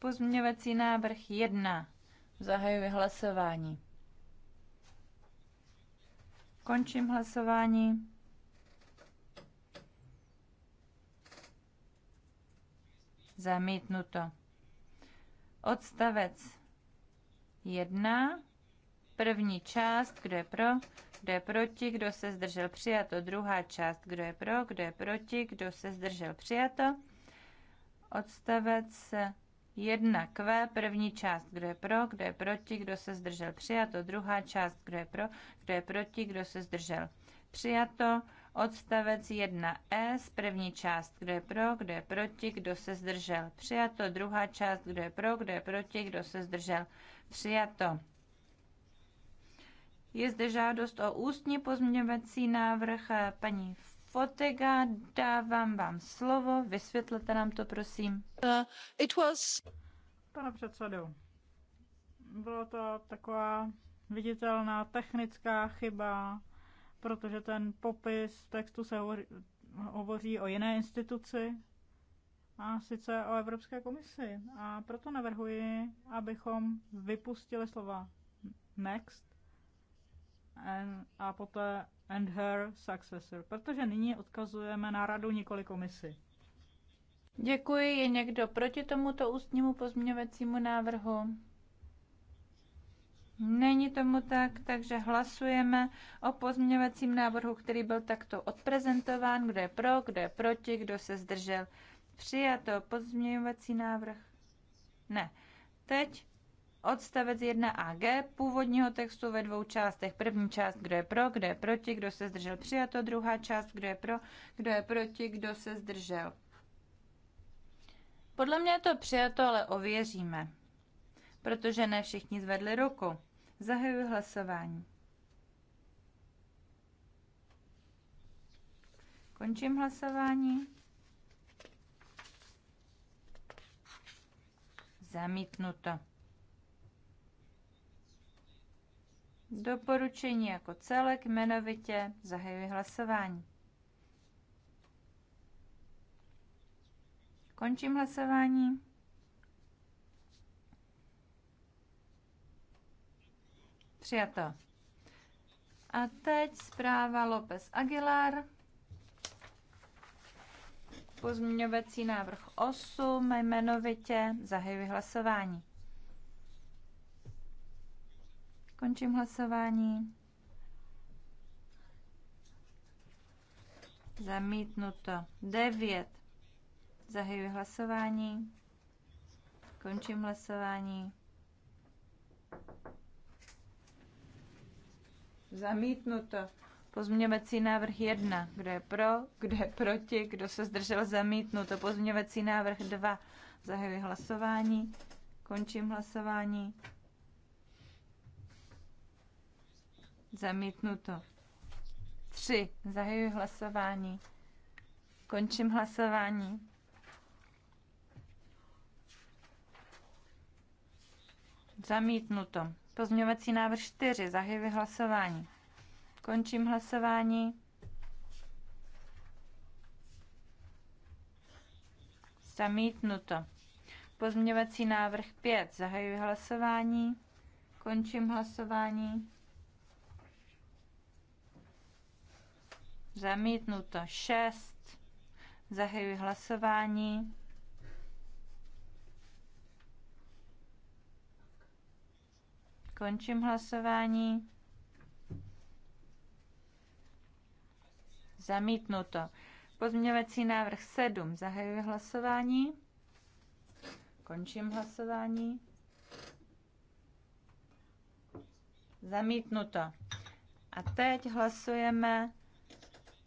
Pozměňovací návrh 1. Zahajuji hlasování. Končím hlasování. Zamítnuto. Odstavec 1. První část, kdo je pro, kdo je proti, kdo se zdržel přijato. Druhá část, kdo je pro, kdo je proti, kdo se zdržel přijato. Odstavec 1Q, první část, kdo je pro, kdo je proti, kdo se zdržel, přijato. Druhá část, kdo je pro, kdo je proti, kdo se zdržel, přijato. Odstavec 1S, první část, kdo je pro, kdo je proti, kdo se zdržel, přijato. Druhá část, kdo je pro, kdo je proti, kdo se zdržel, přijato. Je zde žádost o ústní pozměňovací návrh eh, paní Fotega, dávám vám slovo, vysvětlete nám to, prosím. Uh, it was... Pane předsedu, bylo to taková viditelná technická chyba, protože ten popis textu se hovoří, hovoří o jiné instituci, a sice o Evropské komisi. A proto navrhuji, abychom vypustili slova next and, a poté and her successor, protože nyní odkazujeme na radu nikoli komisi. Děkuji. Je někdo proti tomuto ústnímu pozměňovacímu návrhu? Není tomu tak, takže hlasujeme o pozměňovacím návrhu, který byl takto odprezentován. Kdo je pro, kdo je proti, kdo se zdržel? Přijato pozměňovací návrh? Ne. Teď odstavec 1AG původního textu ve dvou částech. První část, kdo je pro, kdo je proti, kdo se zdržel přijato, druhá část, kdo je pro, kdo je proti, kdo se zdržel. Podle mě je to přijato, ale ověříme, protože ne všichni zvedli ruku. Zahajuji hlasování. Končím hlasování. Zamítnuto. Doporučení jako celek jmenovitě zahajuji hlasování. Končím hlasování. Přijato. A teď zpráva López Aguilar. Pozměňovací návrh 8 jmenovitě zahajuji hlasování. Končím hlasování. Zamítnuto. 9. Zahajuji hlasování. Končím hlasování. Zamítnuto. Pozměňovací návrh 1. Kdo je pro? Kdo je proti? Kdo se zdržel? Zamítnuto. Pozměňovací návrh 2. Zahajuji hlasování. Končím hlasování. Zamítnuto. Tři Zahajuji hlasování. Končím hlasování. Zamítnuto. Pozměňovací návrh 4. Zahajuji hlasování. Končím hlasování. Zamítnuto. Pozměňovací návrh 5. Zahajuji hlasování. Končím hlasování. Zamítnuto 6. Zahajuji hlasování. Končím hlasování. Zamítnuto. Pozměňovací návrh 7. Zahajuji hlasování. Končím hlasování. Zamítnuto. A teď hlasujeme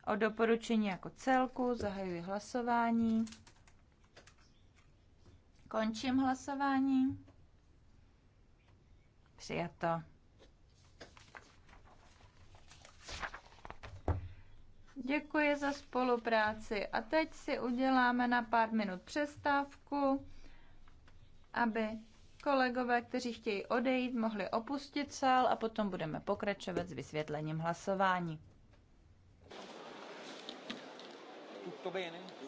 o doporučení jako celku. Zahajuji hlasování. Končím hlasování. Přijato. Děkuji za spolupráci a teď si uděláme na pár minut přestávku, aby kolegové, kteří chtějí odejít, mohli opustit sál a potom budeme pokračovat s vysvětlením hlasování. Tutto bene?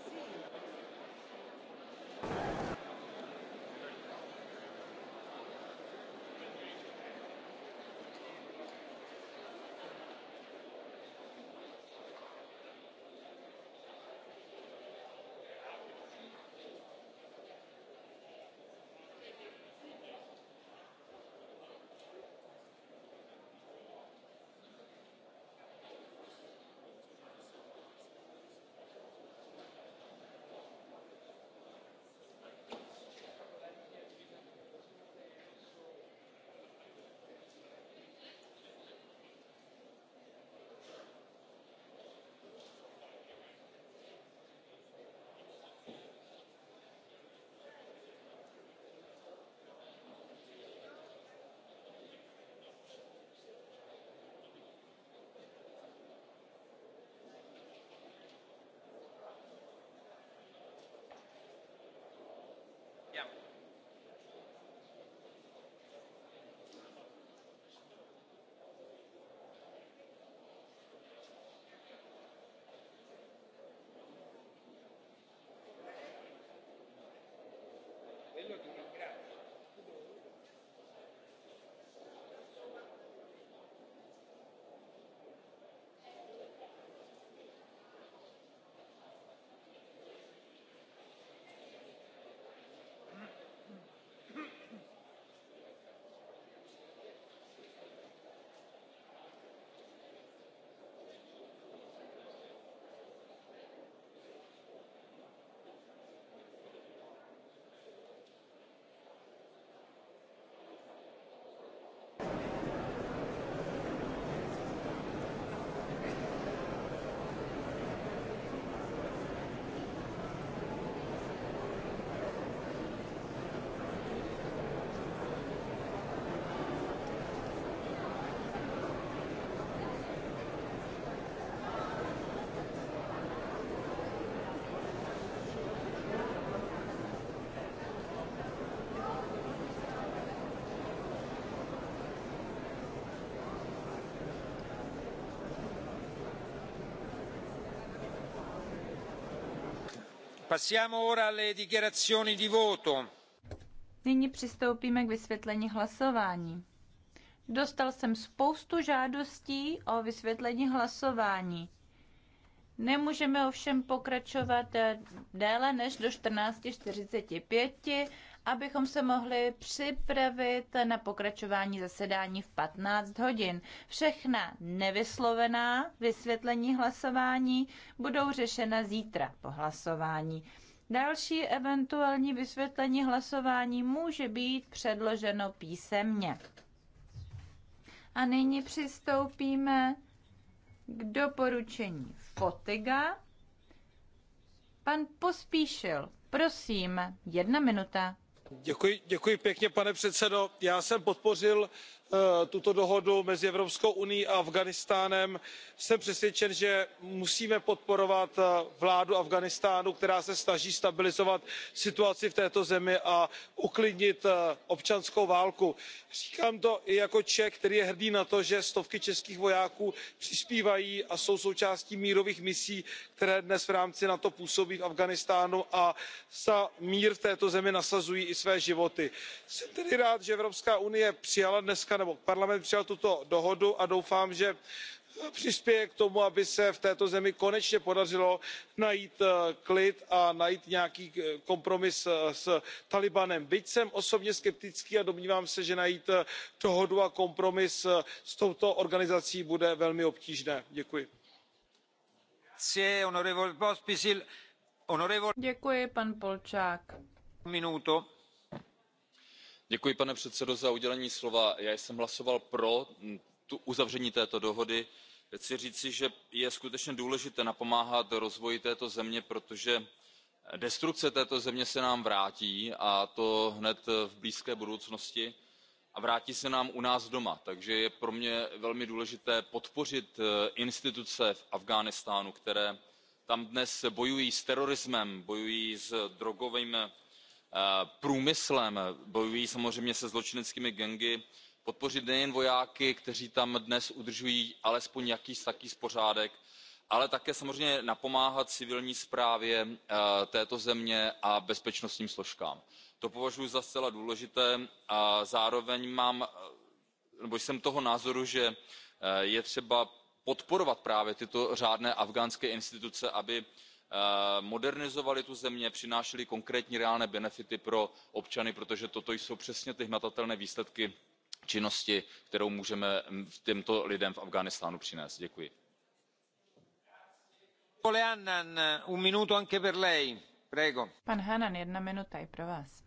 Nyní přistoupíme k vysvětlení hlasování. Dostal jsem spoustu žádostí o vysvětlení hlasování. Nemůžeme ovšem pokračovat eh, déle než do 14.45 abychom se mohli připravit na pokračování zasedání v 15 hodin. Všechna nevyslovená vysvětlení hlasování budou řešena zítra po hlasování. Další eventuální vysvětlení hlasování může být předloženo písemně. A nyní přistoupíme k doporučení Fotiga. Pan Pospíšil, prosím, jedna minuta pane předsedající já jsem podpořil tuto zprávu. Eh, tuto dohodu mezi evropskou unií a afghánistánem jsem přesvědčen že musíme podporovat eh, vládu afghánistánu která se snaží stabilizovat situaci v této zemi a uklidnit eh, občanskou válku. říkám to i jako čech který je hrdý na to že stovky českých vojáků přispívají a jsou součástí mírových misí které dnes v rámci nato působí v afghánistánu a za mír v této zemi nasazují i své životy. jsem tedy rád že evropská unie přijala dneska parlament přijal tuto dohodu a doufám že eh, přispěje k tomu aby se v této zemi konečně podařilo najít eh, klid a najít nějaký eh, kompromis s tálibánem byť jsem osobně skeptický a domnívám se že najít dohodu a kompromis s touto organizací bude velmi obtížné. děkuji. Děkuji, pan pane předsedající já jsem hlasoval pro mm, uzavření této dohody. chci říci že je skutečně důležité napomáhat rozvoji této země protože destrukce této země se nám vrátí a to hned v blízké budoucnosti a vrátí se nám u nás doma takže je pro mě velmi důležité podpořit eh, instituce v afghánistánu které tam dnes bojují s terorismem bojují s drogovým Eh, průmyslem bojují samozřejmě se zločineckými gangy podpořit nejen vojáky kteří tam dnes udržují alespoň jakýsi takový pořádek ale také samozřejmě napomáhat civilní správě eh, této země a bezpečnostním složkám. to považuji za zcela důležité a zároveň eh, jsem toho názoru že je třeba podporovat právě tyto řádné afghánské instituce aby Eh, modernizovali tu zemi přinášeli konkrétní reálné benefity pro občany protože toto jsou přesně ty hmatatelné výsledky činnosti kterou můžeme mm, těmto lidem v afghánistánu přinést. děkuji. pan hannan jedna minuta i pro vás.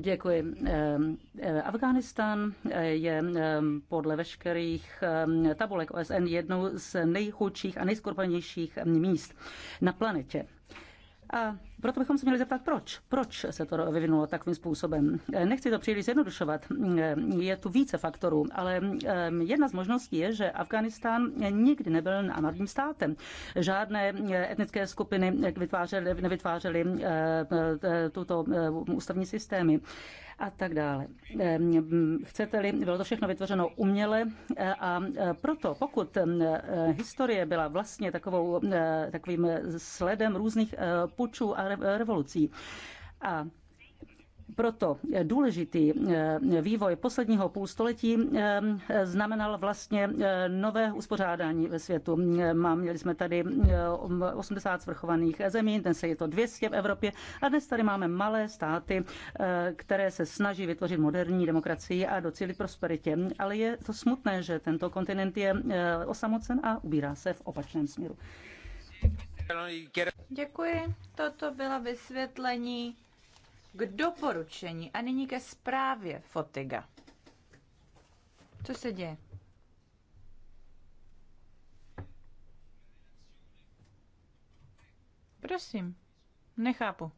Děkuji. Ehm, eh, Afghánistán eh, je ehm, podle veškerých ehm, tabulek OSN jednou z nejchudších a nejskorpanějších míst na planetě. A proto bychom se měli zeptat, proč? Proč se to vyvinulo takovým způsobem? Nechci to příliš zjednodušovat, je tu více faktorů, ale jedna z možností je, že Afganistán nikdy nebyl národním státem. Žádné etnické skupiny nevytvářely e, e, tuto e, ústavní systémy a tak dále. Ehm, chcete-li, bylo to všechno vytvořeno uměle eh, a eh, proto, pokud eh, historie byla vlastně takovou, takovým sledem různých pučů a revolucí, a proto důležitý eh, vývoj posledního půlstoletí eh, znamenal vlastně eh, nové uspořádání ve světu. Měli jsme tady 80 svrchovaných zemí, dnes je to 200 v Evropě a dnes tady máme malé státy, které se snaží vytvořit moderní demokracii a docílit prosperitě. Ale je to smutné, že tento kontinent je osamocen a ubírá se v opačném směru. Děkuji. Toto byla vysvětlení k doporučení a nyní ke zprávě Fotiga. Co se děje? Prosím, nechápu.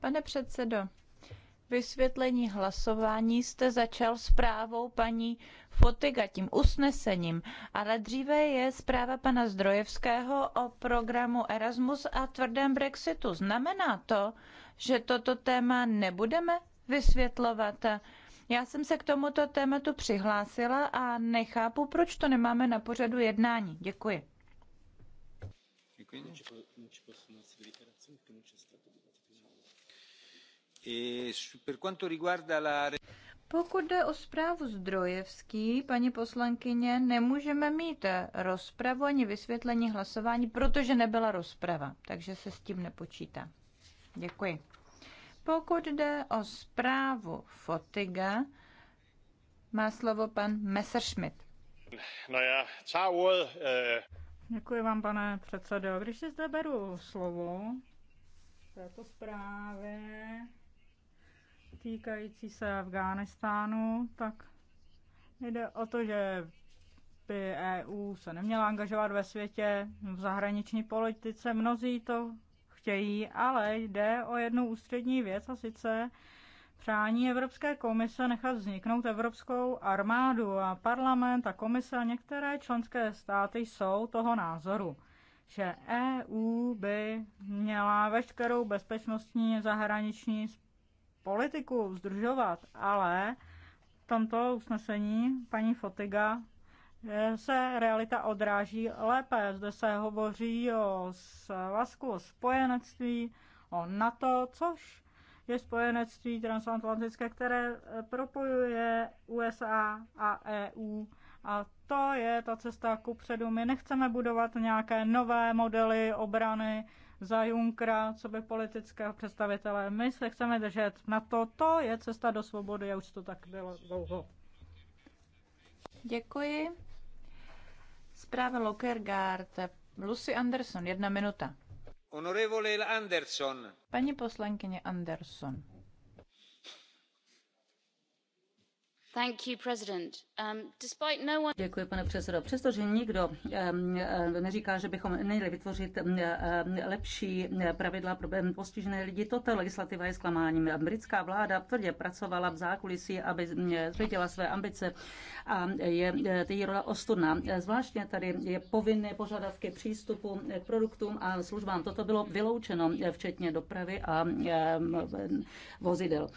Pane předsedo, vysvětlení hlasování jste začal zprávou paní Fotiga, tím usnesením, ale dříve je zpráva pana Zdrojevského o programu Erasmus a tvrdém Brexitu. Znamená to, že toto téma nebudeme vysvětlovat? Já jsem se k tomuto tématu přihlásila a nechápu, proč to nemáme na pořadu jednání. Děkuji. Děkuji. E Pokud jde o zprávu Zdrojevský, paní poslankyně, nemůžeme mít rozpravu ani vysvětlení hlasování, protože nebyla rozprava, takže se s tím nepočítá. Děkuji. Pokud jde o zprávu Fotiga, má slovo pan Messerschmidt. No já távohl, uh... Eh. Děkuji vám, pane předsedo. Když si zde beru slovo této zprávy, týkající se Afghánistánu, tak jde o to, že by EU se neměla angažovat ve světě, v zahraniční politice. Mnozí to chtějí, ale jde o jednu ústřední věc a sice přání Evropské komise nechat vzniknout Evropskou armádu a parlament a komise a některé členské státy jsou toho názoru, že EU by měla veškerou bezpečnostní zahraniční politiku zdržovat, ale v tomto usnesení paní Fotiga se realita odráží lépe. Zde se hovoří o svazku, o spojenectví, o NATO, což je spojenectví transatlantické, které propojuje USA a EU. A to je ta cesta ku předu. My nechceme budovat nějaké nové modely obrany, za Junkra, co by politického představitele. My se chceme držet na to, to je cesta do svobody já už to tak bylo dlouho. Děkuji. Zpráva Lokergaard, Lucy Anderson, jedna minuta. Honorevole Anderson. Paní poslankyně Anderson. Um, no Děkuji, pane předsedající Přestože nikdo um, um, neříká, že bychom neměli vytvořit lepší pravidla pro postižené lidi, tato legislativa je zklamáním. Britská vláda tvrdě pracovala v zákulisí, aby zvětila své ambice a je uh, její rola ostudná. Zvláštně tady je povinné požadavky přístupu k produktům a službám. Toto bylo vyloučeno, eh, včetně dopravy a eh, vozidel.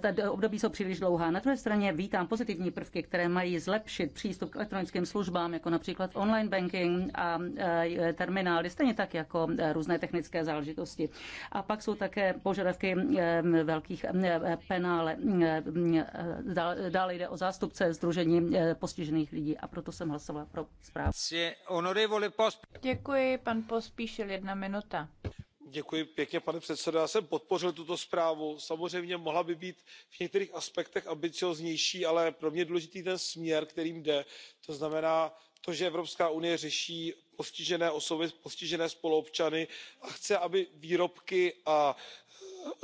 Ta období jsou příliš dlouhá na druhé straně vítám pozitivní prvky, které mají zlepšit přístup k elektronickým službám, jako například online banking a e, terminály, stejně tak jako e, různé technické záležitosti. A pak jsou také požadavky e, velkých penále. Dále jde o zástupce Združení postižených lidí a proto jsem hlasovala pro zprávu. Děkuji, pan Pospíšil, jedna minuta pane předsedající já jsem podpořil tuto zprávu. samozřejmě mohla by být v některých aspektech ambicióznější ale pro mě je důležitý ten směr kterým jde to znamená to že evropská unie řeší postižené osoby postižené spoluobčany a chce aby výrobky a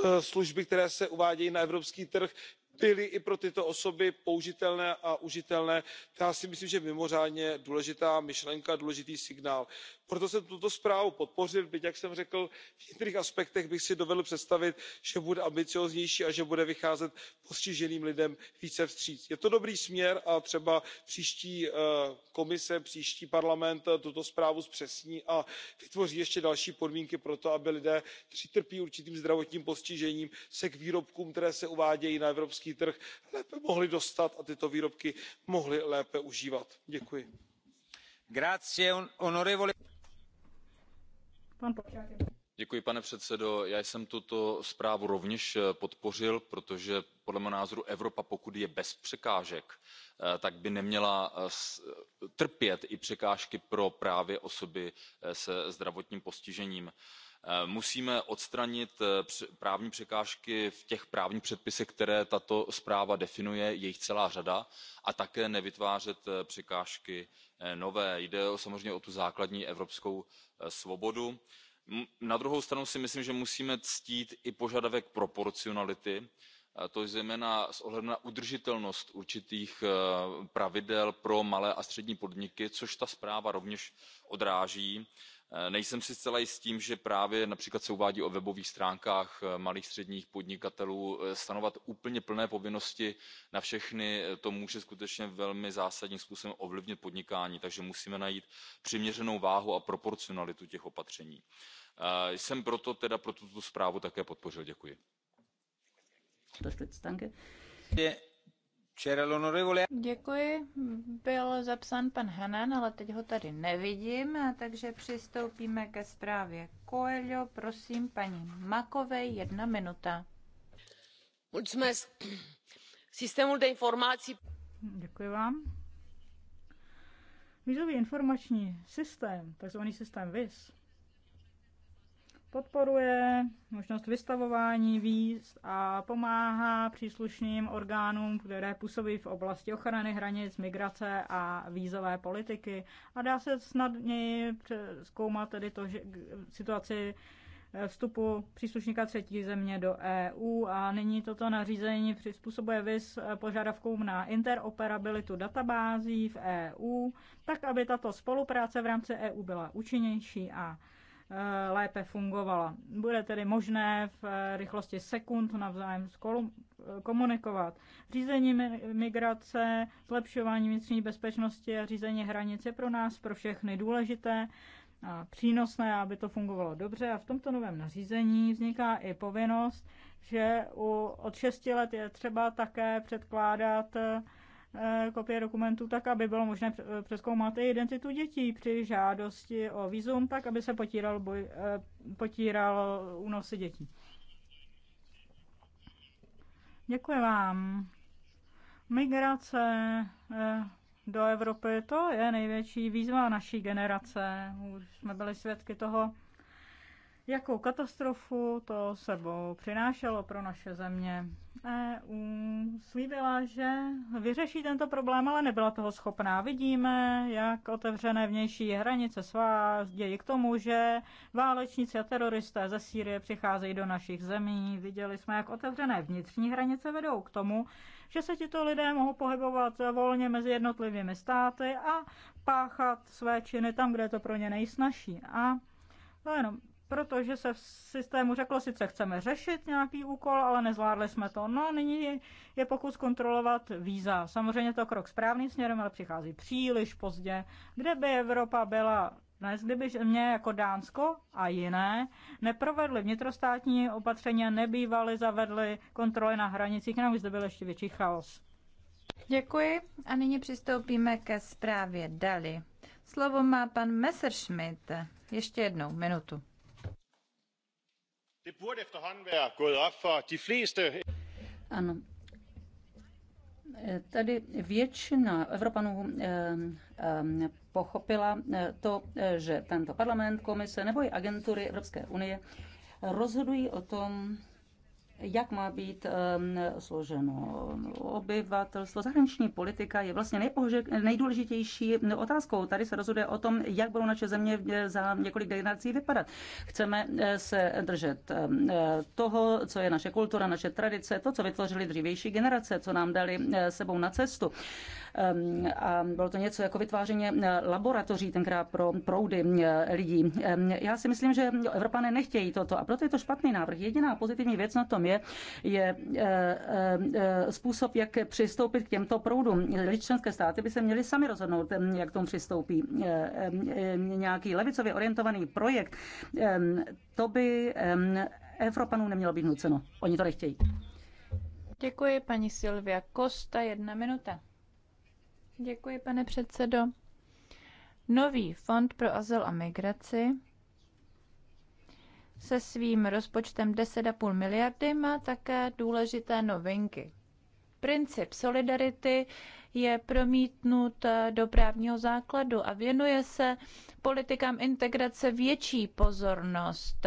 e, služby které se uvádějí na evropský trh byly byly i pro tyto osoby použitelné a užitelné to já si myslím že je mimořádně důležitá myšlenka důležitý signál. proto jsem tuto zprávu podpořil byť jak jsem řekl v některých aspektech bych si dovedl představit že bude ambicióznější a že bude vycházet postiženým lidem více vstříc. je to dobrý směr a třeba příští eh, komise příští parlament eh, tuto zprávu zpřesní a vytvoří ještě další podmínky pro to aby lidé kteří trpí určitým zdravotním postižením se k výrobkům které se uvádějí na evropský trh lépe mohli dostat a tyto výrobky mohli lépe užívat. děkuji. Děkuji, pane předsedající já jsem tuto zprávu rovněž eh, podpořil protože podle mého názoru evropa pokud je bez překážek eh, tak by neměla eh, trpět i překážky pro právě osoby se zdravotním postižením. Eh, musíme odstranit eh, právní překážky v těch právních předpisech které tato zpráva definuje je jich celá řada a také nevytvářet eh, překážky nové. jde samozřejmě o tu základní evropskou svobodu. na druhou stranu si myslím že musíme ctít i požadavek proporcionality a to zejména s ohledem na udržitelnost určitých pravidel pro malé a střední podniky což ta zpráva rovněž odráží. Eh, nejsem si zcela jist tím že právě například se uvádí o webových stránkách eh, malých a středních podnikatelů eh, stanovovat úplně plné povinnosti na všechny to může skutečně velmi zásadním způsobem ovlivnit podnikání takže musíme najít přiměřenou váhu a proporcionalitu těch opatření. jsem proto tedy tuto zprávu také podpořil. děkuji. Děkuji. Byl zapsán pan Hanan, ale teď ho tady nevidím, takže přistoupíme ke zprávě Coelho. Prosím, paní Makovej, jedna minuta. informací. Děkuji vám. Vízový informační systém, takzvaný systém VIS, podporuje možnost vystavování víz a pomáhá příslušným orgánům, které působí v oblasti ochrany hranic, migrace a vízové politiky. A dá se snadněji zkoumat tedy to, že situaci vstupu příslušníka třetí země do EU a nyní toto nařízení přizpůsobuje VIS požadavkům na interoperabilitu databází v EU, tak aby tato spolupráce v rámci EU byla účinnější a Eh, lépe fungovala. Bude tedy možné v eh, rychlosti sekund navzájem eh, komunikovat. Řízení migrace, zlepšování vnitřní bezpečnosti a řízení hranic je pro nás, pro všechny důležité a přínosné, aby to fungovalo dobře. A v tomto novém nařízení vzniká i povinnost, že u, od 6 let je třeba také předkládat Eh, kopie dokumentů, tak aby bylo možné eh, přeskoumat i identitu dětí při žádosti o výzum, tak aby se potíral, boj, eh, potíral únosy dětí. Děkuji vám. Migrace do Evropy, to je největší výzva naší generace. Už jsme byli svědky toho, jakou katastrofu to sebou přinášelo pro naše země. EU slíbila, že vyřeší tento problém, ale nebyla toho schopná. Vidíme, jak otevřené vnější hranice svá dějí k tomu, že válečníci a teroristé ze Sýrie přicházejí do našich zemí. Viděli jsme, jak otevřené vnitřní hranice vedou k tomu, že se tito lidé mohou pohybovat volně mezi jednotlivými státy a páchat své činy tam, kde je to pro ně nejsnažší. A to no jenom protože se v systému řeklo, sice chceme řešit nějaký úkol, ale nezvládli jsme to. No, nyní je pokus kontrolovat víza. Samozřejmě to krok správným směrem, ale přichází příliš pozdě. Kde by Evropa byla dnes, kdyby mě jako Dánsko a jiné neprovedli vnitrostátní opatření a nebývaly zavedly kontroly na hranicích, jenom by zde byl ještě větší chaos. Děkuji a nyní přistoupíme ke zprávě Dali. Slovo má pan Messerschmidt. Ještě jednou minutu. Ano. Tady většina Evropanů eh, eh, pochopila eh, to, že tento parlament, komise nebo i agentury Evropské unie rozhodují o tom, jak má být ehm, složeno obyvatelstvo. Zahraniční politika je vlastně nejdůležitější otázkou. Tady se rozhoduje o tom, jak budou naše země eh, za několik generací vypadat. Chceme eh, se držet ehm, eh, toho, co je naše kultura, naše tradice, to, co vytvořili dřívější generace, co nám dali sebou na cestu. Ehm, a bylo to něco jako vytváření eh, laboratoří tenkrát pro proudy eh, lidí. Ehm, já si myslím, že Evropané nechtějí toto a proto je to špatný návrh. Jediná pozitivní věc na tom je, je eh, způsob, jak přistoupit k těmto proudům. Členské státy by se měly sami rozhodnout, ehm, jak tomu přistoupí. Nějaký levicově orientovaný projekt, to by Evropanům nemělo být nuceno. Oni to nechtějí. Děkuji paní Silvia Kosta, jedna minuta. Děkuji, pane předsedo. Nový fond pro azyl a migraci se svým rozpočtem 10,5 miliardy má také důležité novinky. Princip solidarity je promítnut do právního základu a věnuje se politikám integrace větší pozornost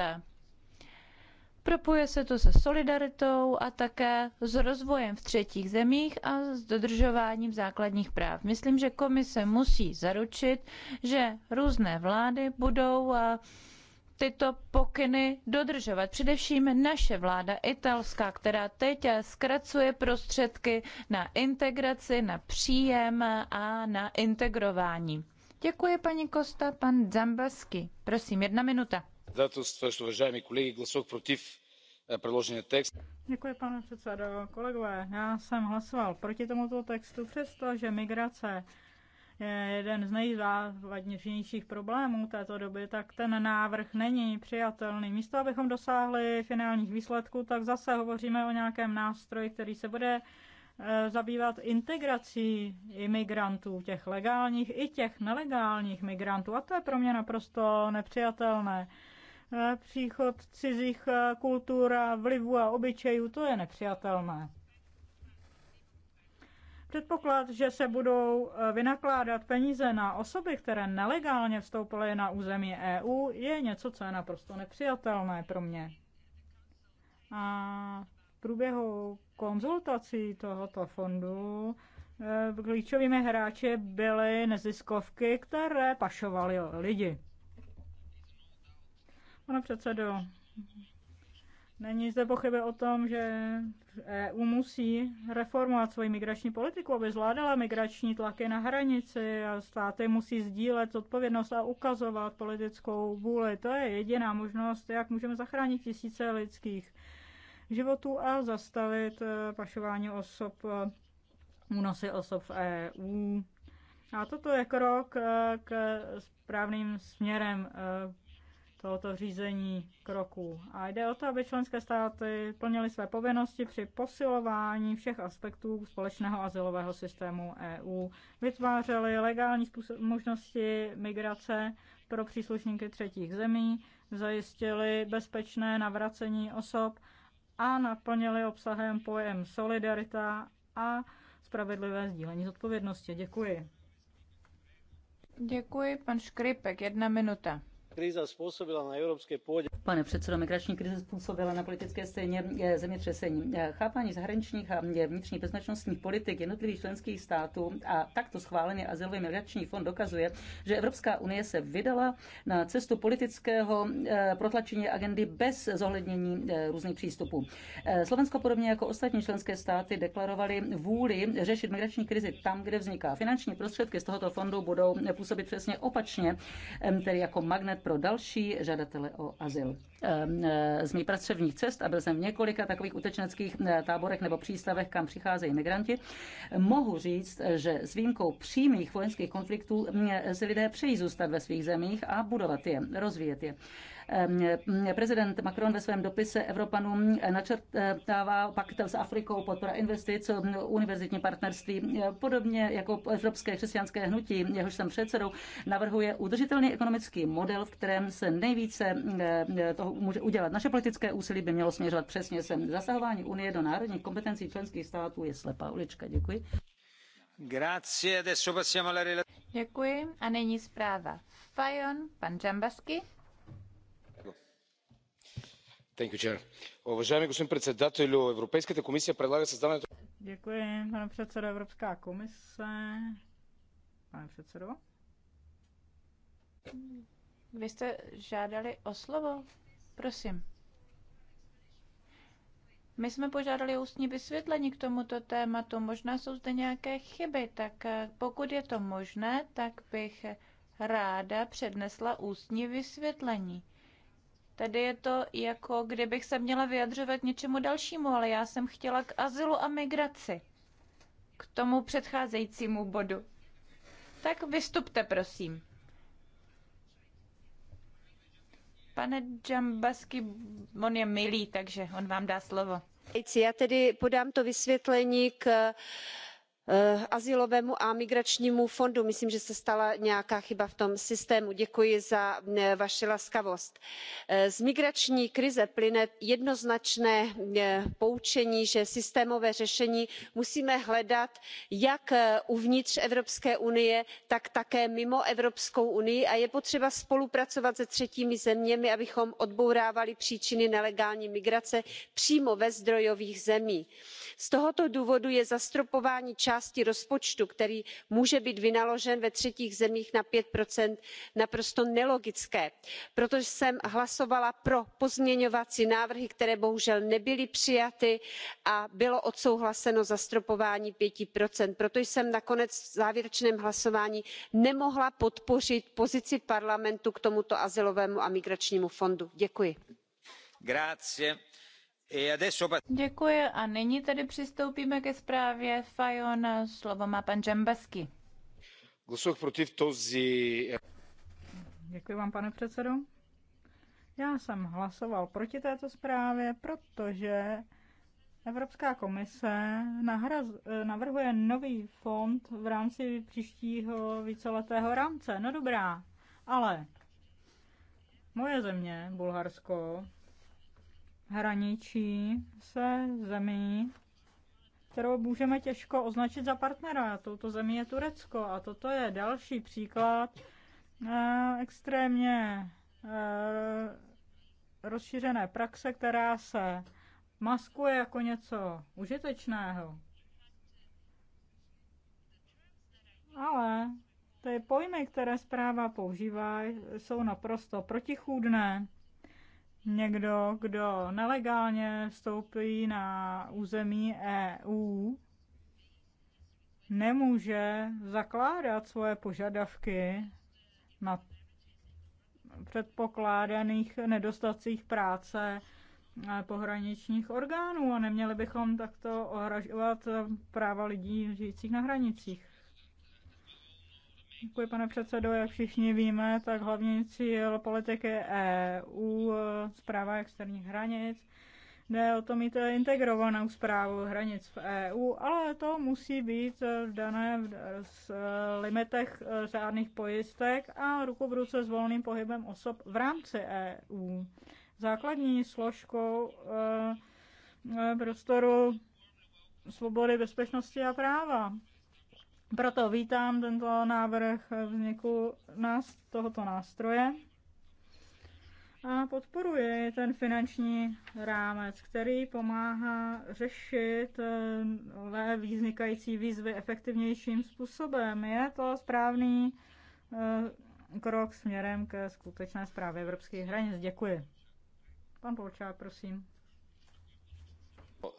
Propuje se to se solidaritou a také s rozvojem v třetích zemích a s dodržováním základních práv. Myslím, že komise musí zaručit, že různé vlády budou eh, tyto pokyny dodržovat. Především naše vláda italská, která teď zkracuje prostředky na integraci, na příjem a na integrování. Děkuji paní Kosta, pan Zambasky. Prosím, jedna minuta председателстващ уважаеми колеги гласувах против předloženého textu. Děkuji, pane předsedající, Kolegové, já jsem hlasoval proti tomuto textu, přestože migrace je jeden z nejzávadnějších problémů této doby, tak ten návrh není přijatelný. Místo, abychom dosáhli finálních výsledků, tak zase hovoříme o nějakém nástroji, který se bude e, zabývat integrací imigrantů, těch legálních i těch nelegálních migrantů. A to je pro mě naprosto nepřijatelné. Eh, příchod cizích eh, kultur a vlivů a obyčejů, to je nepřijatelné. Předpoklad, že se budou eh, vynakládat peníze na osoby, které nelegálně vstoupily na území EU, je něco, co je naprosto nepřijatelné pro mě. A v průběhu konzultací tohoto fondu klíčovými hráči byly neziskovky, které pašovaly lidi. Pane předsedo, není zde pochyby o tom, že EU musí reformovat svoji migrační politiku, aby zvládala migrační tlaky na hranici a státy musí sdílet odpovědnost a ukazovat politickou vůli. To je jediná možnost, jak můžeme zachránit tisíce lidských životů a zastavit eh, pašování osob, eh, únosy osob v EU. A toto je krok eh, k správným směrem tohoto řízení kroků. A jde o to, aby členské státy plnily své povinnosti při posilování všech aspektů společného asilového systému EU, vytvářely legální způsob, možnosti migrace pro příslušníky třetích zemí, zajistili bezpečné navracení osob a naplnili obsahem pojem solidarita a spravedlivé sdílení zodpovědnosti. Děkuji. Děkuji, pan Škripek, jedna minuta kriza způsobila na evropské půdě. Pane předsedo, migrační krize způsobila na politické scéně zemětřesení. Eh, chápání zahraničních a vnitřní bezpečnostních politik jednotlivých členských států a takto schválený azylový migrační fond dokazuje, že Evropská unie se vydala na cestu politického eh, protlačení agendy bez zohlednění eh, různých přístupů. Slovensko podobně jako ostatní členské státy deklarovali vůli řešit migrační krizi tam, kde vzniká. Finanční prostředky z tohoto fondu budou působit přesně opačně, tedy jako magnet pro další žadatele o azyl. Ehm, e, z mých pracovních cest, a byl jsem v několika takových utečeneckých e, táborech nebo přístavech, kam přicházejí migranti, mohu říct, že s výjimkou přímých vojenských konfliktů e, si lidé přejí zůstat ve svých zemích a budovat je, rozvíjet je. Ehm, prezident Macron ve svém dopise Evropanům eh, načrtává pakt s Afrikou, podpora investic, eh, univerzitní partnerství. Eh, podobně jako Evropské křesťanské hnutí, jehož jsem předsedou, navrhuje udržitelný ekonomický model, v kterém se nejvíce toho může udělat. Naše politické úsilí by mělo směřovat přesně sem. Zasahování Unie do národních kompetencí členských států je slepá ulička. Děkuji. Děkuji. A není zpráva. Fajon, pan Džambasky. Děkuji, pane předsedo. Evropská komise. Pane předsedo. Vy jste žádali o slovo. Prosím. My jsme požádali ústní vysvětlení k tomuto tématu. Možná jsou zde nějaké chyby, tak eh, pokud je to možné, tak bych ráda přednesla ústní vysvětlení. Tedy je to jako kdybych se měla vyjadřovat něčemu dalšímu, ale já jsem chtěla k azylu a migraci. K tomu předcházejícímu bodu. Tak vystupte, prosím. Pane Džambasky, on je milý, takže on vám dá slovo. Já tedy podám to vysvětlení k Eh, azylovému a migračnímu fondu myslím že se stala nějaká chyba v tom systému děkuji za eh, vaši laskavost. Eh, z migrační krize plyne jednoznačné poučení že systémové řešení musíme hledat jak uvnitř evropské unie tak také mimo evropskou unii a je potřeba spolupracovat se třetími zeměmi abychom odbourávali příčiny nelegální migrace přímo ve zdrojových zemích. z tohoto důvodu je zastropování části rozpočtu který může být vynaložen ve třetích zemích na five naprosto nelogické. proto jsem hlasovala pro pozměňovací návrhy které bohužel nebyly přijaty a bylo odsouhlaseno zastropování five proto jsem nakonec v závěrečném hlasování nemohla podpořit pozici parlamentu k tomuto azylovému a migračnímu fondu. děkuji. E Děkuji a nyní tedy přistoupíme ke zprávě Fajon. Slovo má pan Džembasky. Děkuji vám, pane předsedo. Já jsem hlasoval proti této zprávě, protože Evropská komise nahraz, navrhuje nový fond v rámci příštího víceletého rámce. No dobrá, ale moje země, Bulharsko, hraničí se zemí, kterou můžeme těžko označit za partnera. Touto zemí je Turecko a toto je další příklad eh, extrémně eh, rozšířené praxe, která se maskuje jako něco užitečného. Ale ty pojmy, které zpráva používá, jsou naprosto protichůdné někdo, kdo nelegálně vstoupí na území EU, nemůže zakládat svoje požadavky na předpokládaných nedostacích práce pohraničních orgánů a neměli bychom takto ohražovat práva lidí žijících na hranicích. Děkuji, pane předsedo. Jak všichni víme, tak hlavní cíl politiky EU, zpráva externích hranic, jde o to mít integrovanou zprávu hranic v EU, ale to musí být dané v limitech řádných pojistek a ruku v ruce s volným pohybem osob v rámci EU. Základní složkou eh, eh, prostoru svobody, bezpečnosti a práva. Proto vítám tento návrh vzniku nás, tohoto nástroje a podporuje ten finanční rámec, který pomáhá řešit eh, nové vznikající výzvy efektivnějším způsobem. Je to správný eh, krok směrem ke skutečné zprávě evropských hranic. Děkuji. Pan Polčák, prosím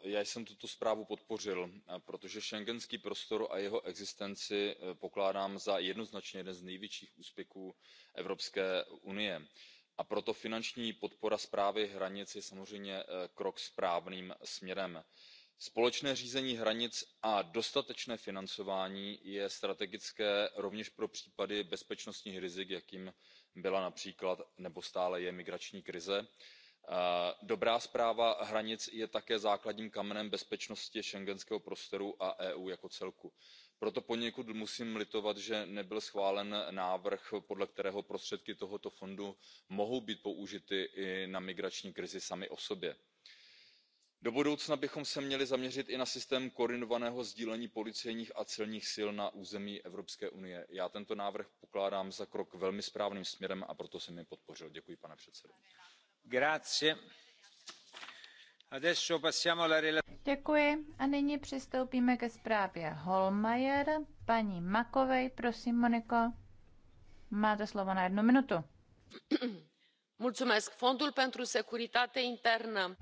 já jsem tuto zprávu podpořil protože schengenský prostor a jeho existenci e, pokládám za jednoznačně jeden z největších úspěchů evropské unie a proto finanční podpora správy hranic je samozřejmě e, krok správným směrem. společné řízení hranic a dostatečné financování je strategické rovněž pro případy bezpečnostních rizik jakým byla například nebo stále je migrační krize dobrá správa hranic je také základním kamenem bezpečnosti schengenského prostoru a eu jako celku. proto poněkud musím litovat že nebyl schválen návrh podle kterého prostředky tohoto fondu mohou být použity i na migrační krizi samy o sobě. do budoucna bychom se měli zaměřit i na systém koordinovaného sdílení policejních a celních sil na území evropské unie. já tento návrh pokládám za krok velmi správným směrem a proto jsem jej podpořil. děkuji pane předsedající. Děkuji a nyní přistoupíme ke zprávě Holmajer. Paní Makovej, prosím, Moniko, máte slovo na jednu minutu. Mulțumesc. Fondul pentru securitate internă.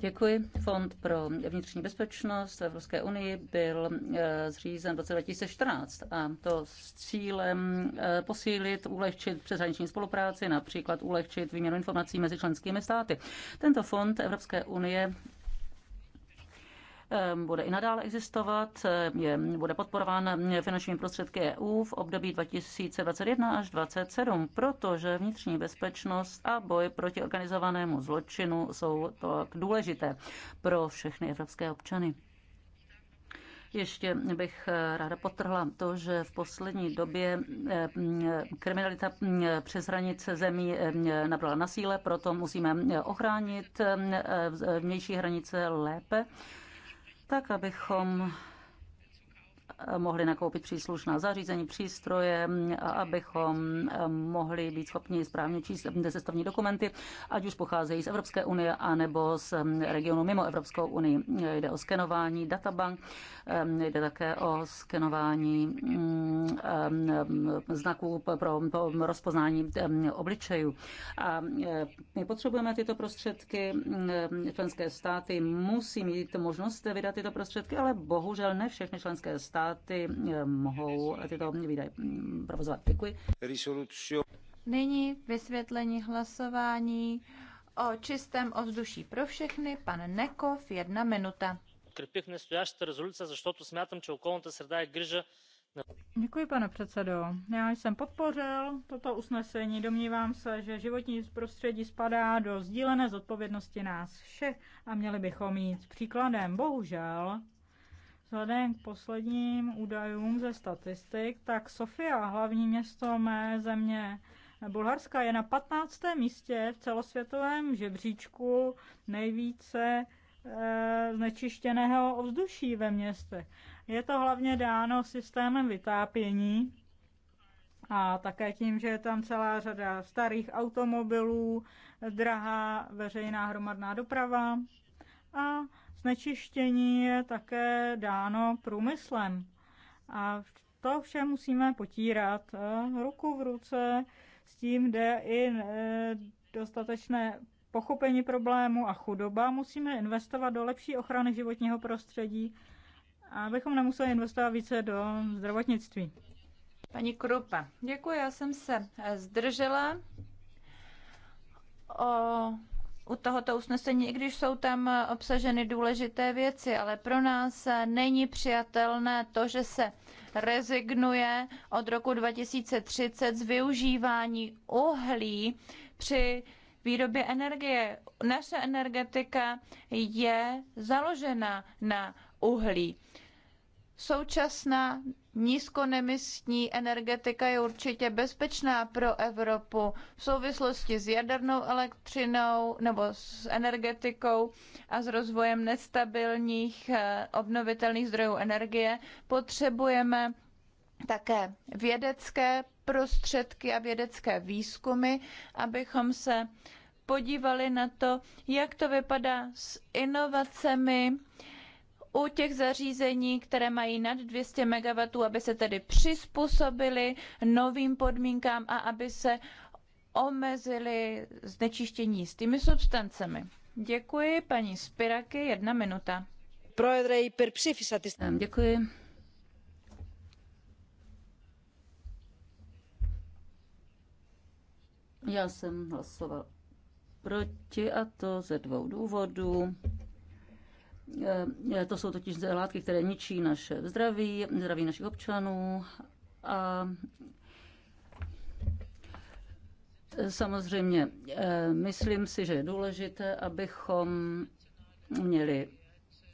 Děkuji. Fond pro vnitřní bezpečnost v Evropské unii byl eh, zřízen v roce 2014 a to s cílem eh, posílit, ulehčit přeshraniční spolupráci, například ulehčit výměnu informací mezi členskými státy. Tento fond Evropské unie Ehm, bude i nadále existovat, ehm, je, bude podporován ehm, finančními prostředky EU v období 2021 až 2027, protože vnitřní bezpečnost a boj proti organizovanému zločinu jsou tak důležité pro všechny evropské občany. Ještě bych eh, ráda potrhla to, že v poslední době kriminalita přes hranice zemí nabrala na síle, proto musíme eh, ochránit eh, vnější hranice lépe tak abychom mohli nakoupit příslušná zařízení, přístroje, abychom eh, mohli být schopni správně číst cestovní dokumenty, ať už pocházejí z Evropské unie anebo z hm, regionu mimo Evropskou unii. Jde o skenování databank, hm, jde také o skenování hm, znaků pro rozpoznání obličejů. A eh, my potřebujeme tyto prostředky, členské státy musí mít možnost vydat tyto prostředky, ale bohužel ne všechny členské státy státy eh, mohou tyto výdaje mm, provozovat. Děkuji. Nyní vysvětlení hlasování o čistém ovzduší pro všechny. Pan Nekov, jedna minuta. Děkuji, pane předsedo. Já jsem podpořil toto usnesení. Domnívám se, že životní prostředí spadá do sdílené zodpovědnosti nás všech a měli bychom jít příkladem. Bohužel, Vzhledem k posledním údajům ze statistik, tak Sofia, hlavní město mé země Bulharska, je na 15. místě v celosvětovém žebříčku nejvíce eh, znečištěného ovzduší ve městě. Je to hlavně dáno systémem vytápění a také tím, že je tam celá řada starých automobilů, drahá veřejná hromadná doprava a Znečištění je také dáno průmyslem. A to vše musíme potírat eh, ruku v ruce. S tím jde i eh, dostatečné pochopení problému a chudoba. Musíme investovat do lepší ochrany životního prostředí, abychom nemuseli investovat více do zdravotnictví. Paní Krupa, děkuji, já jsem se eh, zdržela. O u tohoto usnesení, i když jsou tam obsaženy důležité věci, ale pro nás není přijatelné to, že se rezignuje od roku 2030 z využívání uhlí při výrobě energie. Naše energetika je založena na uhlí. Současná Nízkonemistní energetika je určitě bezpečná pro Evropu v souvislosti s jadernou elektřinou nebo s energetikou a s rozvojem nestabilních eh, obnovitelných zdrojů energie. Potřebujeme také vědecké prostředky a vědecké výzkumy, abychom se podívali na to, jak to vypadá s inovacemi, u těch zařízení, které mají nad 200 MW, aby se tedy přizpůsobili novým podmínkám a aby se omezili znečištění s těmi substancemi. Děkuji, paní Spiraky, jedna minuta. Děkuji. Já jsem hlasoval proti a to ze dvou důvodů. Eh, to jsou totiž látky, které ničí naše zdraví, zdraví našich občanů a eh, Samozřejmě, eh, myslím si, že je důležité, abychom měli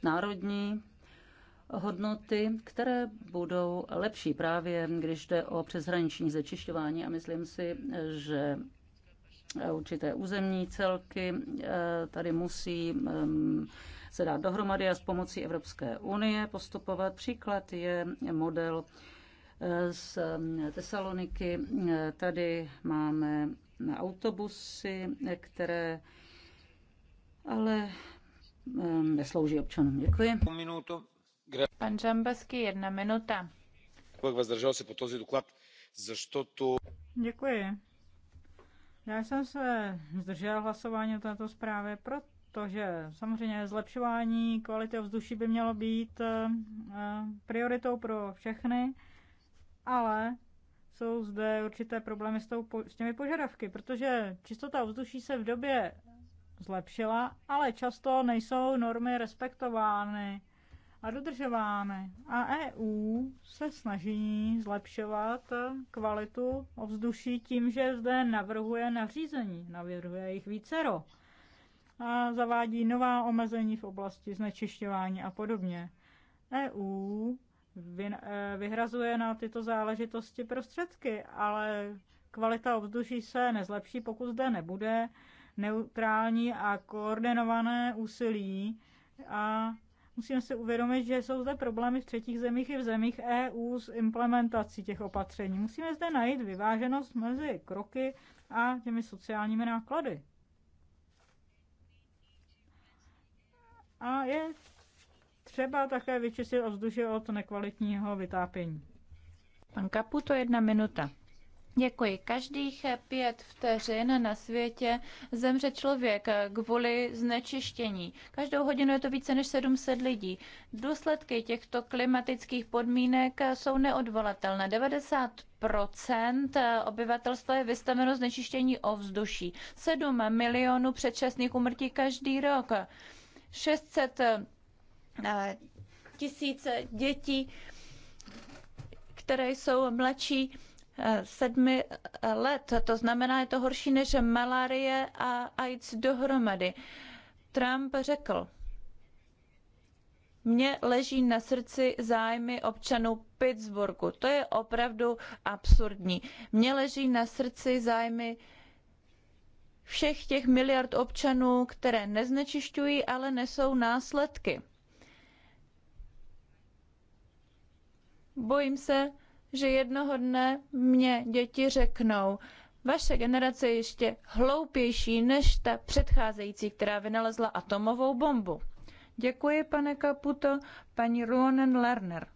národní hodnoty, které budou lepší právě, když jde o přeshraniční zečišťování a myslím si, že určité územní celky tady musí ehm, se dát dohromady a s pomocí Evropské unie postupovat. Příklad je model eh, z eh, Tesaloniky. Eh, tady máme autobusy, které ale neslouží občanům. Děkuji. Pan Žambasky, jedna minuta. Zdržel se po този doklad, zaštotu? Děkuji. Já jsem se zdržel hlasování o této zprávě, proto že samozřejmě zlepšování kvality ovzduší by mělo být eh, prioritou pro všechny, ale jsou zde určité problémy s, tou, s těmi požadavky, protože čistota ovzduší se v době zlepšila, ale často nejsou normy respektovány a dodržovány. A EU se snaží zlepšovat eh, kvalitu ovzduší tím, že zde navrhuje nařízení, navrhuje jich vícero a zavádí nová omezení v oblasti znečišťování a podobně. EU e, vyhrazuje na tyto záležitosti prostředky, ale kvalita ovzduší se nezlepší, pokud zde nebude neutrální a koordinované úsilí a musíme si uvědomit, že jsou zde problémy v třetích zemích i v zemích EU s implementací těch opatření. Musíme zde najít vyváženost mezi kroky a těmi sociálními náklady. a je třeba také vyčistit ovzduší od nekvalitního vytápění. Pan Kapu, to jedna minuta. Děkuji. Každých pět vteřin na světě zemře člověk kvůli znečištění. Každou hodinu je to více než 700 lidí. Důsledky těchto klimatických podmínek jsou neodvolatelné. 90 procent obyvatelstva je vystaveno znečištění ovzduší. 7 milionů předčasných umrtí každý rok. 600 eh, tisíc dětí, které jsou mladší eh, sedmi eh, let. To znamená, je to horší než malárie a AIDS dohromady. Trump řekl, mně leží na srdci zájmy občanů Pittsburghu. To je opravdu absurdní. Mně leží na srdci zájmy všech těch miliard občanů, které neznečišťují, ale nesou následky. Bojím se, že jednoho dne mě děti řeknou, vaše generace je ještě hloupější než ta předcházející, která vynalezla atomovou bombu. Děkuji, pane Kaputo, paní Ruonen Lerner.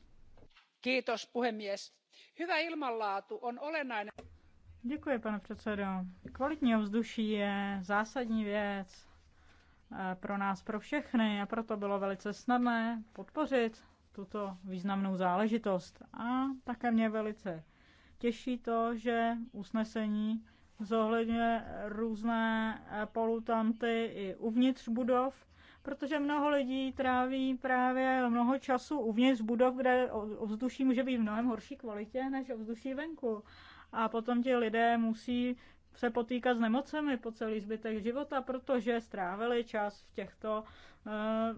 Kýtos, puhemies. Hyvä ilmanlaatu on olennainen... Děkuji, pane předsedo. Kvalitní ovzduší je zásadní věc eh, pro nás, pro všechny a proto bylo velice snadné podpořit tuto významnou záležitost. A také mě velice těší to, že usnesení zohledňuje různé eh, polutanty i uvnitř budov, protože mnoho lidí tráví právě mnoho času uvnitř budov, kde ovzduší může být v mnohem horší kvalitě než ovzduší venku a potom ti lidé musí se potýkat s nemocemi po celý zbytek života, protože strávili čas v těchto uh,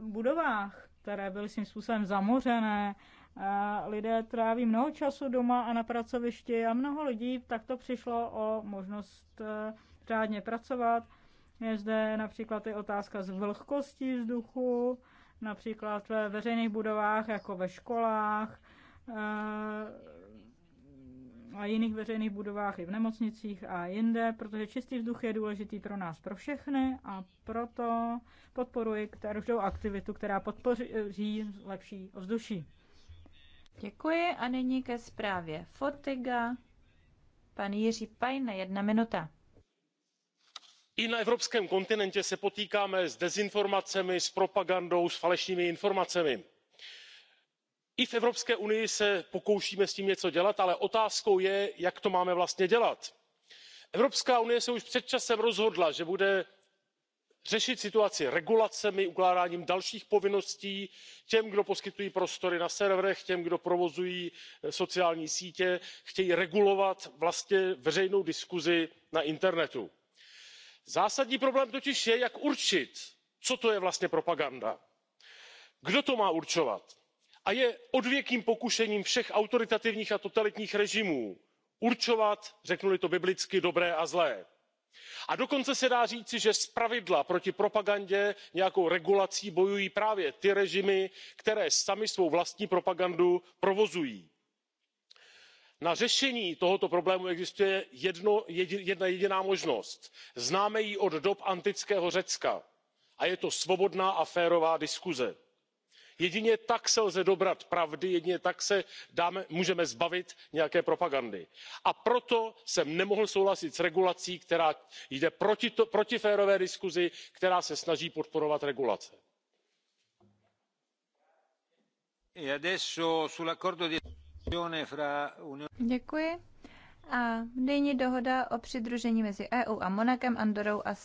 budovách, které byly svým způsobem zamořené. Uh, lidé tráví mnoho času doma a na pracovišti a mnoho lidí takto přišlo o možnost uh, řádně pracovat. Je zde například i otázka z vlhkosti vzduchu, například ve veřejných budovách, jako ve školách, uh, a jiných veřejných budovách i v nemocnicích a jinde, protože čistý vzduch je důležitý pro nás, pro všechny a proto podporuji každou aktivitu, která podpoří lepší ovzduší. Děkuji a nyní ke zprávě Fortiga. Pan Jiří Pajne, jedna minuta. I na evropském kontinentě se potýkáme s dezinformacemi, s propagandou, s falešnými informacemi i v evropské unii se pokoušíme s tím něco dělat ale otázkou je jak to máme vlastně dělat. evropská unie se už před časem rozhodla že bude řešit situaci regulacemi ukládáním dalších povinností těm kdo poskytují prostory na serverech těm kdo provozují eh, sociální sítě chtějí regulovat vlastně veřejnou diskusi na internetu. zásadní problém totiž je jak určit co to je vlastně propaganda. kdo to má určovat? a je odvěkým pokušením všech autoritativních a totalitních režimů určovat řeknu li to biblicky dobré a zlé. a dokonce se dá říci že zpravidla proti propagandě nějakou regulací bojují právě ty režimy které samy svou vlastní propagandu provozují. na řešení tohoto problému existuje jedna jediná možnost známe ji od dob antického řecka a je to svobodná a férová diskuse jedině tak se lze dobrat pravdy jedině tak se můžeme zbavit nějaké propagandy. a proto jsem nemohl souhlasit s regulací která jde proti férové diskusi která se snaží podporovat regulace. E Děkuji. A nyní dohoda o přidružení mezi EU a Monakem, Andorrou a